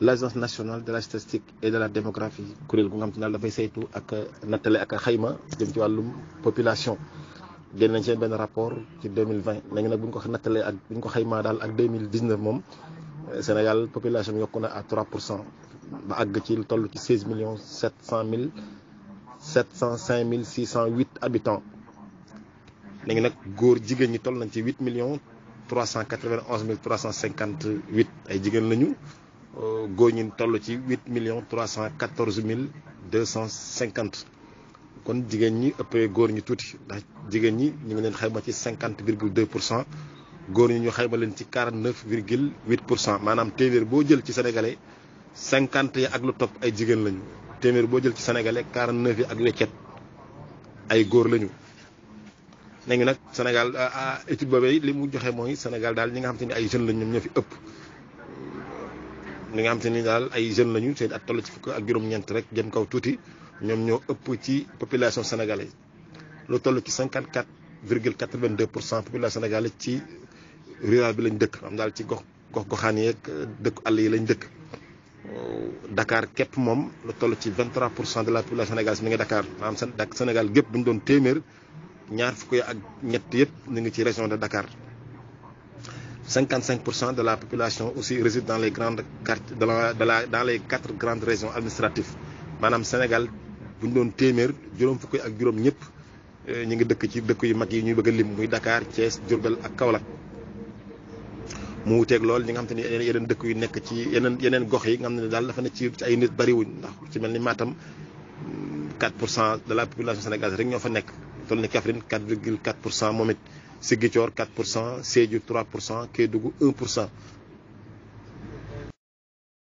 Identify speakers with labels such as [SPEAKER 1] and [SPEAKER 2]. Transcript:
[SPEAKER 1] l'agence nationale de la statistique et de la démographie kuréel gu nga xam te daal dafay saytu ak nattale ak xayma jëm ci wàllum population génn nañ seen benn rapport ci 2020 nañu nag bu ñu ko nattalee ak bu ñu ko xaymaa daal ak 2019 moom euh, Sénégal population bi yokku na à 3 pour cent ba àgg ci lu toll ci 16 millions 700 mille 705 mille 608 habitants nañu nag góor jigéen ñi toll nañ ci 8 millions 391 mille 358 ay jigéen lañu. Euh, góor góoñin toll ci huit million trois cent quatorze mille deux cent cinquante kon jigéen ñi ëppee góor ñi tuuti ndax jigéen ñi ñu ngi leen xayma ci cinquante virgule deux pour cent góor ñi ñu xayma leen ci quarante neuf virgule huit pour cent maanaam téeméer boo jël ci sénégalais cinquante yi ak lu topp ay jigéen lañu téeméer boo jël ci sénégalais quarante neuf yi ak weccet ay góor lañu. léegi nag Sénégal ah, ah, étude boobee li mu joxe mooy Sénégal daal ñi nga xam ni ay jeunes lañ ñoom fi ëpp. li nga xam te ni daal ay jeunes lañu seen ak toll ci fukk ak juróom-ñeent rek jëm kaw tuuti ñoom ñoo ëpp ci population sénégalaise lu toll ci cinquante 54 virgule 82 pour cent population sénégalaise ci rural bi lañ dëkk am daal ci gox gox goxaan yeeg dëkku àll yi lañ dëkk. Euh, Dakar képp moom lu tollu ci 23 pour cent de la population sénégalaise mi ngi Dakar maanaam seen Sénégal gépp bu ñu doon téeméer ñaar fukk ak ñett yëpp ñu ngi ci région de Dakar. 55 pour cent de la population aussi réside dans les grandes cartes de la de la dans les quatre grandes régions administratives maanaam Sénégal bu ñu doon téeméer juróom fukki ak juróom ñëpp eh, ñu ngi dëkk ci dëkk yu mag yi ñuy bëgg a lim muy Dakar Thiès Diourbel ak Kaolack. mu wuteeg lool ñi nga xam te yeneen dëkk yu nekk ci yeneen yeneen gox yi nga xam ne daal dafa ne ci ay nit bariwuñ ndax ci mel ni Matam 4 pour cent de la population sénégalaise rek ñoo fa nekk toll ni Kaffrine 4 cent moom Ziguinchor 4 pour cent Sédhiou 3 pour cent Kédougou 1 pour cent